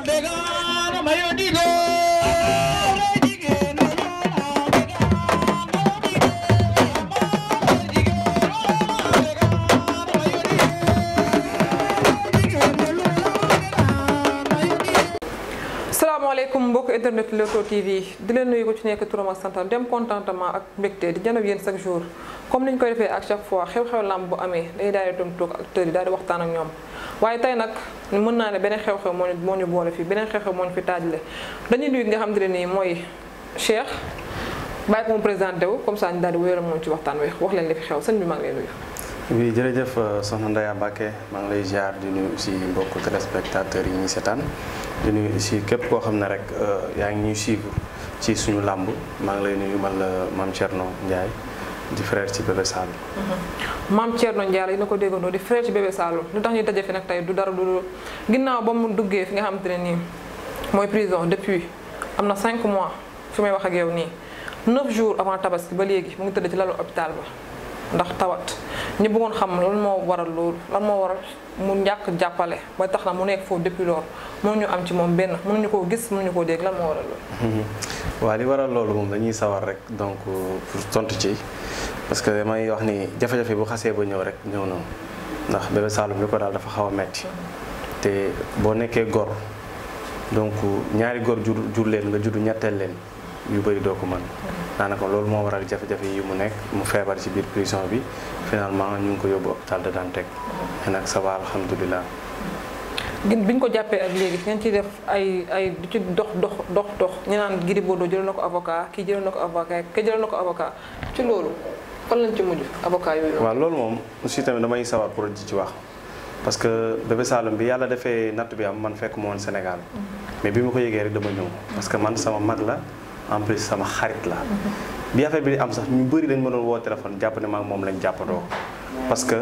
salaamaaleykum mbokk internet Leewtoo TV di leen nuyu ko ci nekk turam ak santam dem contentement ak mbégte di janob yéen chaque jour comme niñ koy defee ak chaque fois xew-xew làmb bu amee dañuy daal di dem toog acteurs yi daal di waxtaan ak ñoom waaye tey nag mën naa ne beneen xew-xew moo ñu moo ñu boole fii beneen xew-xew moo ñu fi taajale dañuy nuyu nga xam te ne nii mooy Cheikh bàyyi ko mu présenté wu comme ça ñu daal di wéyal ci waxtaan wi wax leen li fi xew sëñ bi maa ngi lay nuyu. oui jërëjëf euh, soxna Ndeye Mbacke maa ngi lay ziar di nuyu aussi mbokku téléspectateurs yi ñuy seetaan di nuyu aussi képp koo xam ne rek euh, yaa ngi ñuy suivre ci suñu làmb maa ngi lay nuyu man la Mame Thierno Ndiaye. di frère ci bébé Saloum. Mhm. maam Thierno Ndiaye na ko déggandoo di frère ci bébé lu tax ñuy daje nag tey du dara du ginnaaw ba mu duggee fi nga xamante ne nii mooy prison depuis am na cinq mois fi may wax ak yow nii 9 jours avant tabaski ba léegi mu ngi tëdd ci lalu hôpital ba. ndax tawat ñu bëggoon xam lan moo waral loolu lan moo waral mu ñàkk jàppale ba tax na mu nekk foofu depuis loolu mënuñu am ci moom benn ñu koo gis mënuñu koo dégg lan moo waral loolu. waral loolu moom dañuy sawar rek donc pour tontu ci parce que damay wax ni jafe-jafe bu xasee ba ñëw rek ñëw na ndax Bébé Saloum li ko daal dafa xaw a metti te boo nekkee góor donc ñaari góor jur jur leen nga juddu ñetteel leen. yu bëri doo ko mën daanaka loolu moo waral jafe-jafe yi mu nekk mu feebar ci biir prison bi finalement ñu ngi ko yóbbu hôpital de Dantec mais nag ça va alhamdulilah gin bi ñu ko jàppee ak léegi ngeen ci def ay ay dox dox dox dox ñu naan Gris Bordeaux jëloon na ko avocat kii jëloon na ko avocat kii jëloon na ko avocat ci loolu fan lañ ci mujj abokaa yooyu waaw loolu moom aussi tamit damay sawar pour di ci wax parce que Bébé Saloum bi yàlla defee natt bi am man fekk ma woon Sénégal mhm. mais bi mu ko yëgee rek dama ñëw parce que man sama mag la en plus sama xarit la bi affaire bi di am sax ñu bëri dañ ma doon woo téléphone jàpp ne maag moom lañ jàppatoo parce que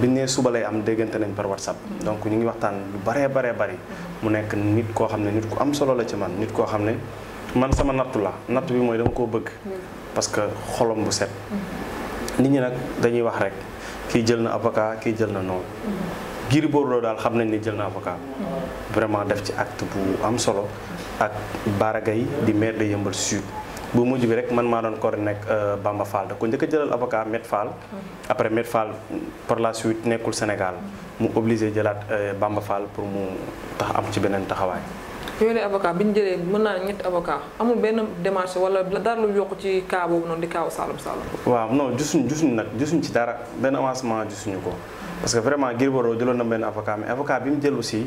biñ ne suba lay am déggante nañ par whatsapp donc ñu ngi waxtaan lu baree baree bari mu nekk nit koo xam ne nit ku am solo la ci man nit koo xam ne man sama nattu la nattu bi mooy dama koo bëgg parce que xolom bu set mm-hmm. nit ñi nag dañuy wax rek kii jël na avocat kii jël na noonu Gris Bordeaux daal xam nañ ni jël na avocat vraiment def ci acte bu am solo ak Bara di maire de Yeumbeul Sud bu mujj bi rek man maa doon koor nekk euh, Bamba Fall da ko njëkk a jëlal avocat Met Fall après Met Fall par la suite nekkul Sénégal mu obligé jëlaat euh, Bamba Fall pour mu tax am ci beneen taxawaay yooyu avocat bi ñu jëlee mën naa ñetti avocat amul benn démarche wala dara lu yokk ci kaa boobu noonu di kaaw Saloum Saloum waaw non gisuñ gisuñ nag gisuñ ci dara benn avancement gisuñu ko parce que vraiment Gris Bordeaux jëloon na benn avocat mais avocat bi mu jël aussi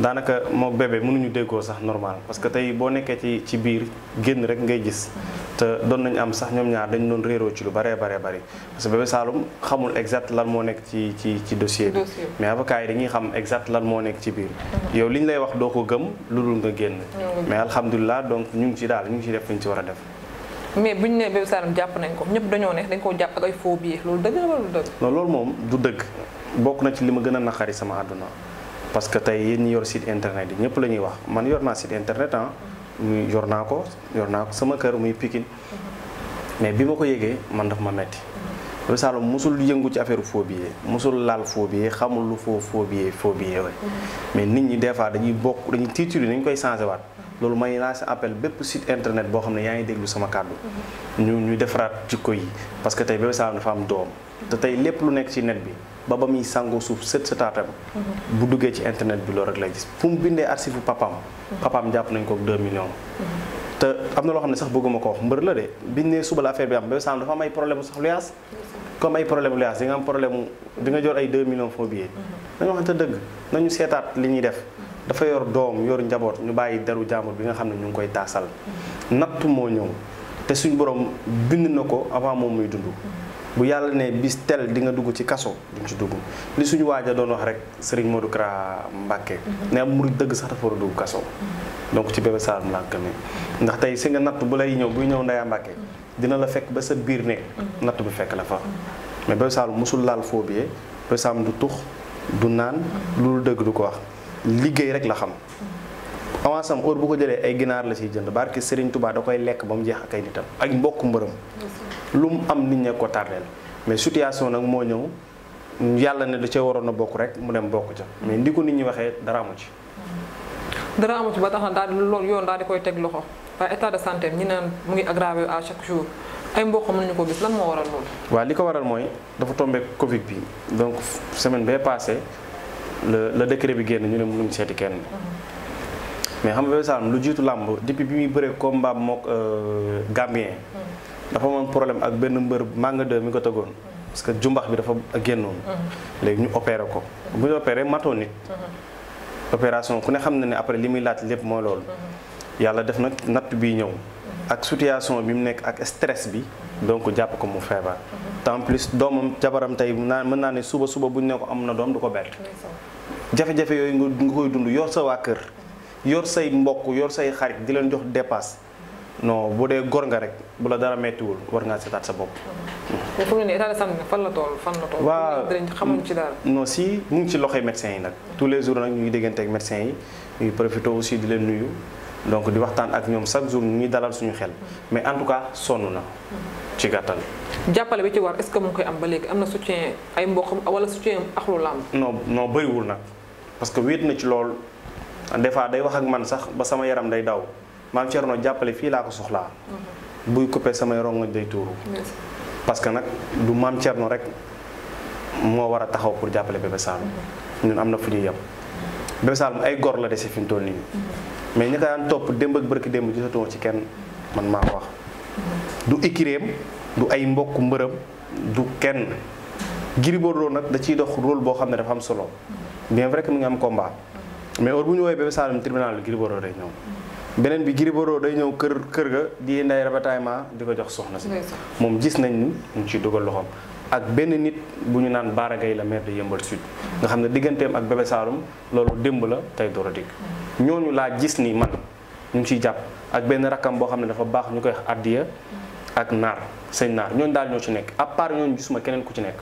daanaka moo bébé mënuñu déggoo sax normal parce que tey boo nekkee ci ci biir génn rek ngay gis te doon nañu am sax ñoom ñaar dañu doon réeroo ci lu baree bare bari parce que bébé Saloum xamul exact lan moo nekk ci ci ci dossier bi mais avocat yi dañuy xam exact lan moo nekk ci biir yow li ñu lay wax doo ko gëm lu dul nga génn mm. mais alhamdulilah donc ñu ngi ci daal ñu ngi ci def li ci war def mais bu ñu nee bébé jàpp nañ ko ñëpp dañoo ne dañ koo jàpp ay faux billets loolu dëgg la loolu moom du dëgg bokk na ci li ma gën a naqari sama àdduna parce que tey yéen ñi yor site internet yi ñëpp la ñuy wax man yor naa site internet ah muy yor naa ko yor naa ko sama kër muy Pikine mais bi ma ko yëgee man daf ma metti Oya Saloum mosul yëngu ci affaire phobie mosul laal phobie xamul lu foo phobie phobie yooyu mais nit ñi des fois dañuy bokk dañuy tiituli dañu koy changé waat loolu may lancé appel bépp site internet boo xam ne yaa ngi déglu sama kàddu ñu ñu defaraat jikko yi parce que tey Oya Saloum dafa am doom te tey lépp lu nekk ci net bi ba ba muy sangoo suuf set sëtaatam mhm. bu duggee ci internet bi loolu rek lay gis fu mu bindee archive bu papaam mhm. papaam jàpp nañ ko ak 2 millions mhm. te am na loo xam ne sax bëgguma ko wax mbër la de biñ suba la affaire bi am ba sànq dafa am ay problème sax luyaas comme ay problème luyaas di nga am problème di nga jor ay 2 millions foo biyee dañu waxante nañu seetaat li ñuy def dafa yor doom yor njaboot ñu bàyyi deru jàmbur bi nga xam ne ñu ngi koy taasal nattu moo ñëw te suñ borom bind na ko avant moom muy dund bu yàlla ne bis tel di nga dugg ci kaso duñ ci dugg li suñu waaja doon wax rek sëriñ Modou Kara Mbacke mhm. ne am murid dëgg sax dafa war a dugg kaso mhm. donc ci Bébé Saloum laa gëmee ndax tey si nga natt bu lay ñëw buy ñëw Ndeye Mbacke mhm. dina la fekk ba sa biir ne natt bi fekk la fa mais Bébé Saloum mosul laal foo biyee Bébé Saloum du tux du naan loolu dëgg du ko wax liggéey rek la xam avance am heure bu ko jëlee ay ginaar la ciy jënd barke Serigne Touba da koy lekk ba mu jeex ak ay nitam ak mbokk mbërëm lu mu am nit ñe ko tardeel mais situation nag moo ñëw yàlla ne da cee waroon a bokk rek mu dem bokk ca mais ndi ko nit ñi waxee dara amu ci dara amu ba tax na daal loolu yoon daal di koy teg loxo waaye état de santé ñi naan mu ngi aggravé à chaque jour ay mbokk mën ñu ko gis lan moo waral loolu waaw li ko waral mooy dafa tombé Covid bi donc semaine bee passé la la décret bi génn ñu ne mënuñ seeti kenn mhm. mais xam nga Bébé Saloum lu jiitu làmb depuis bi muy bëree combat mook euh, Gambien. dafa amoon problème ak benn mbër Manga 2 mi ko tegoon parce que jumbax bi dafa génnoon. léegi ñu opéré ko. bu ñu opéré matoo nit. opération ku ne xam na ne après li muy laaj lépp mooy loolu. yàlla def nag natt bi ñëw. ak situation bi mu nekk ak stress bi. donc jàpp ko mu feebar. en plus doomam jabaram tey naa mën naa ne suba suba bu ñu ne ko am na doom du ko bett. jafe-jafe yooyu nga koy dund sa waa kër. yor say mbokk yor say xarit di leen jox dépasse no bu dee góor nga rek bu la dara méttiwul war ngaa seetaat sa bopp. mais fu mu fan la toll fan la toll. waaw xamuñ ci dara. non si mu ngi ci loxo médecins yi nag tous les jours nag ñu ngi déggante ak médecins yi ñuy profité aussi di leen nuyu donc di waxtaan ak ñoom chaque jour ñu ngi dalal suñu xel mais en tout cas sonn na ci gàttal. jàppale bi ci war est-ce que mu ngi koy am ba léegi am na soutien ay mboq wala soutien axlu làmb. non non bëriwul nag parce que wéet na ci lool. des fois day wax ak man sax ba sama yaram day daw maam Thierno jàppale fii laa ko soxlaa. Mhm. buy coupé samay rongoñ day tuuru. parce que nag du maam Thierno rek moo war a taxaw pour jàppale Bébé Saloum mhm. ñun am na fu ñuy yem. Bébé Saloum ay gor la dese fi mu toll nii. Mhm. mais ñi ko daan topp démb ak bërki démb gisatuma ci kenn man maa ko wax. du ikiréem du ay mbokk mbërëm du kenn. Gris Bordeaux nag da ciy dox rôle boo xam ne dafa am solo bien vrai que mu am combat. mais heure bu ñu woowee Bébé Saloum tribunal bi Gris Bordeaux day ñëw. beneen bi Gris Bordeaux day ñëw kër kër ga di nday ravitaillement di ko jox soxna si. moom gis nañ ni mu ciy dugal loxoom. ak benn nit bu ñu naan Bara Gaye la maire de Yeumbeul Sud nga xam ne digganteem ak Bébé Saloum loolu démb la tey door a dikk ñooñu laa gis ni man ñu ngi jàpp ak benn rakkam boo xam ne dafa baax ñu koy wax addiya ak naar sëñ naar ñooñu daal ñoo ci nekk à part ñooñu gisuma keneen ku ci nekk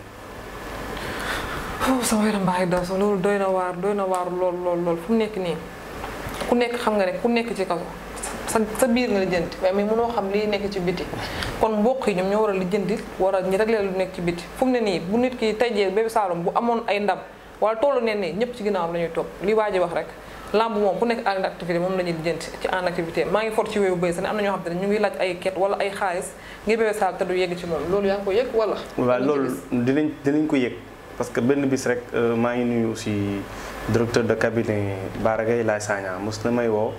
sama yaram bàyyi daw sax loolu doy na waar doy na waar lool lool lool fu mu nekk nii ku nekk xam nga rek ku nekk ci kaw sa sa biir nga lijjanti waaye mais mënoo xam lii nekk ci biti kon mbokk yi ñoom ñoo war a lijjanti war a ñu réglé lu nekk ci biti fu ne nii bu nit ki tey jii bébé bu amoon ay ndam wala tollu ne nii ñëpp ci ginnaawam la ñuy topp li waa ji wax rek lamb moom ku nekk en activité moom la ñuy lijjanti ci en maa ngi for ci wéyu bëy sax ne am na ñoo xam te ne ñu ngi laaj ay ket wala ay xaalis ngir bébé Saloum te du yegg ci moom loolu yaa ngi ko wala waaw loolu dinañ dinañ ko yëg parce que benn bis rek euh, maa ngi nuyu aussi directeur de cabinet Bara Gaye Laye Sagna mos na may woo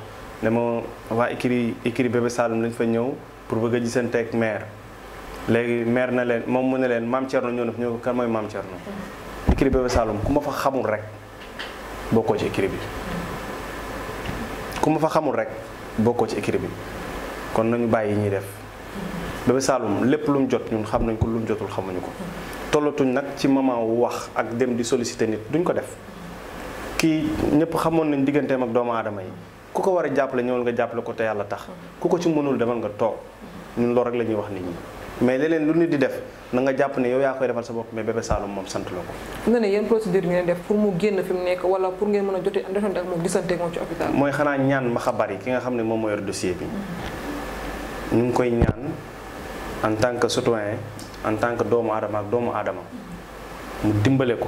ne ma waa écurie écurie Bébé Saloum lañ fa ñëw pour bëgg a gisanteeg maire léegi maire na leen moom mu ne leen Mame Thierno ñëw na fi ñëw kan mooy Mame Thierno mm-hmm. écurie Bébé Saloum ku ma fa xamul rek bokkoo ci écurie bi mm-hmm. ku ma fa xamul rek bokkoo ci écurie bi kon nañu bàyyi ñuy def mm-hmm. Bébé Saloum lépp lu jot ñun xam nañ ko lu jotul xamuñu ko tollatuñ nag ci moment wu wax ak dem di solliciter nit duñ ko def kii ñëpp xamoon nañ digganteem ak doomu aadama yi ku ko war a jàppale ñëwal nga jàppale ko te yàlla tax ku ko ci mënul demal nga toog ñun loolu rek la ñuy wax nit ñi mais leneen lu nit di def na nga jàpp ne yow yaa koy defal sa bopp mais Bébé Saloum moom sant la ko. nga ne yéen procédure ngeen def pour mu génn fi mu nekk wala pour ngeen mën a jotee defante ak moom gisante ak moom ci hôpital. mooy xanaa ñaan ma xabaar ki nga xam ne moom moo yor dossier bi mm-hmm. ngi koy ñaan en tant que citoyen en tant que doomu aadama ak doomu adama mu dimbale ko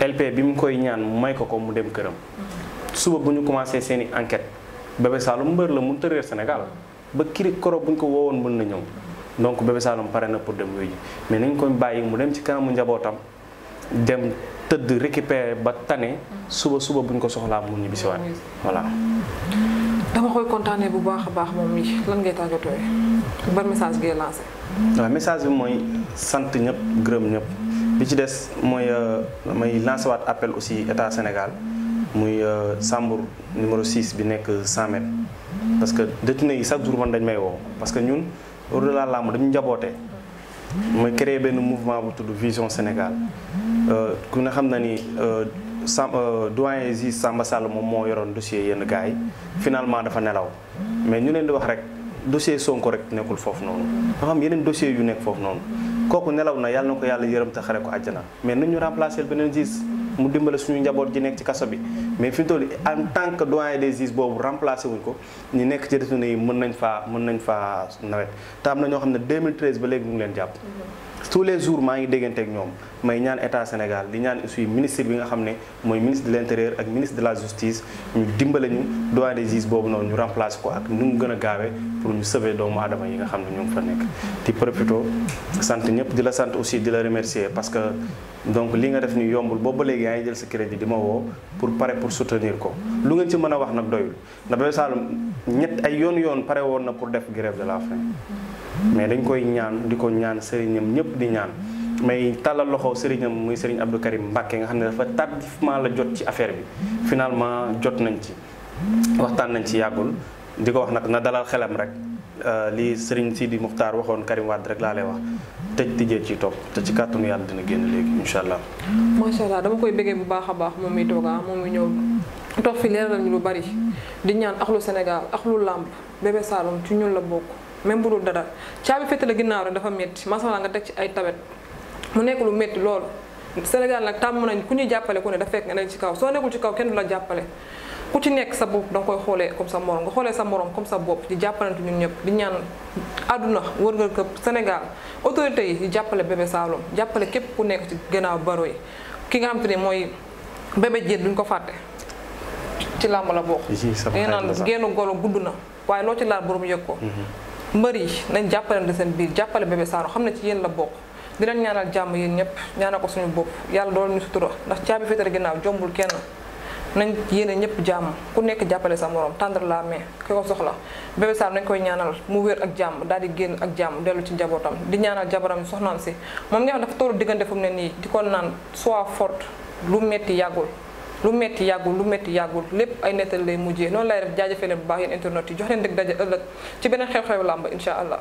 LP bi mu koy ñaan may ko ko mu dem këram suba bu ñu commencé seeni enquête Bébé Saloum mbër la mu tëreer Sénégal ba kiri koro bu ko wowoon mën na ñëw donc Bébé Saloum pare na pour dem wuyu ji mais nañ ko bàyyi mu dem ci kanamu njabootam dem tëdd récupérer ba tane suba suba bu ñu ko soxlaa mu ñibbisiwaat voilà. dama koy kontaanee bu baax a baax moom mi lan ngay tàggatoo ban message ngay lancé. waaw message bi mooy sant ñëpp gërëm ñëpp bi ci des mooy euh, may lancé waat appel aussi état Sénégal muy euh, Sambour numéro 6 bi nekk 100 mètres. parce que na yi chaque jour man dañ may woo parce que ñun au-delà làmb dañu njabootee mooy créer benn mouvement bu tudd Vision Sénégal euh, ku nga xam na ni. sam euh, doyen yi Samba Sall moom moo yoroon dossier yenn gars yi finalement dafa nelaw mais ñu leen di wax rek dossier Sonko rek nekkul foofu noonu nga xam yeneen dossier yu nekk foofu noonu kooku nelaw na yàlla na ko yàlla yërëm te xare ko àjjana mais nañu remplacer beneen gis mu dimbale suñu njaboot ji nekk ci kaso bi mais fi mu toll en tant que doyen des juges boobu remplacé wuñ ko ñi nekk ci détenu yi mën nañ faa mën nañ faa nawet te am na ñoo xam ne 2013 ba léegi ñu ngi leen jàpp tous les jours maa ngi dégganteeg ñoom may ñaan état Sénégal di ñaan aussi ministre bi nga xam ne mooy ministre de l' intérieur ak ministre de la justice ñu dimbale ñu doyen des juges boobu noonu ñu remplace ko ak ñu mu gën a gaawee pour ñu sauver doomu aadama yi nga xam ne ñu ngi fa nekk. di profito sant ñëpp di la sant aussi di la remercier parce que donc li nga def ni yombul boobu ba léegi yaa ngi jël sa crédit di ma woo pour pare pour soutenir ko lu ngeen ci mën a wax nag doyul ndax Bébé Saloum ñett ay yoon yoon pare woon na pour def grève de la mais dañ koy ñaan di ko ñaan sëriñam ñëpp di ñaan. may tàllal loxo sëriñam muy sëriñ Abdou Karim mbakke nga xam ne dafa tardivement la jot ci affaire bi finalement jot nañ ci waxtaan nañ ci yàggul di ko wax nag na dalal xelam rek euh, li sëriñ Sidi Muxtaar waxoon Karim Wade rek laa lay wax tëj tijjee ci topp te ci kàttanu yàlla dina génn léegi incha allah. macha allah dama koy bëggee bu baax a baax moom mi toog ah, moom mi ñëw toog fi leeral lu bari di ñaan axlu Sénégal axlu làmb Bébé Saloum ci ñun la bokk même bu dara caabi féete la ginnaaw rek dafa métti macha nga teg ci ay tawet. mu nekk lu métti loolu Sénégal nag tàmm nañ ku ñuy jàppale ku ne da fekk nga nekk ci kaw soo nekkul ci kaw kenn du la jàppale ku ci nekk sa bopp danga koy xoolee comme sa morom nga xoolee sa morom comme sa bopp di jàppalante ñun ñëpp di ñaan àdduna wër nga këpp Sénégal autorité yi di jàppale bébé Saloum jàppale képp ku nekk ci gannaaw baro yi ki nga xam te ne mooy bébé jéet duñ ko fàtte ci làmb la bokk danga naan génn golo gudd na waaye loo ci laal borom yëg ko mhm. mbër yi nañ jàppalante seen biir jàppale bébé Saloum xam ne ci yéen la bokk di ñaanal jàmm yéen ñëpp ñaanal ko suñu bopp yàlla doon ñu sutura ndax caabi féetale ginnaaw jombul kenn nañ yéene ñëpp jàmm ku nekk jàppale sa morom tendre la main ki ko soxla bébé Saloum nañ koy ñaanal mu wér ak jàmm daal di génn ak jàmm dellu ci jabootam di ñaanal jabaram soxnaam si moom nga xam dafa tollu diggante fu ne nii di ko naan soit forte lu metti yàggul lu metti yàggul lu metti yàggul lépp ay nettal lay mujjee noonu lay def jaajëfee leen bu baax yéen internet yi jox leen dëgg daje ëllëg ci beneen xew-xewu làmb incha allah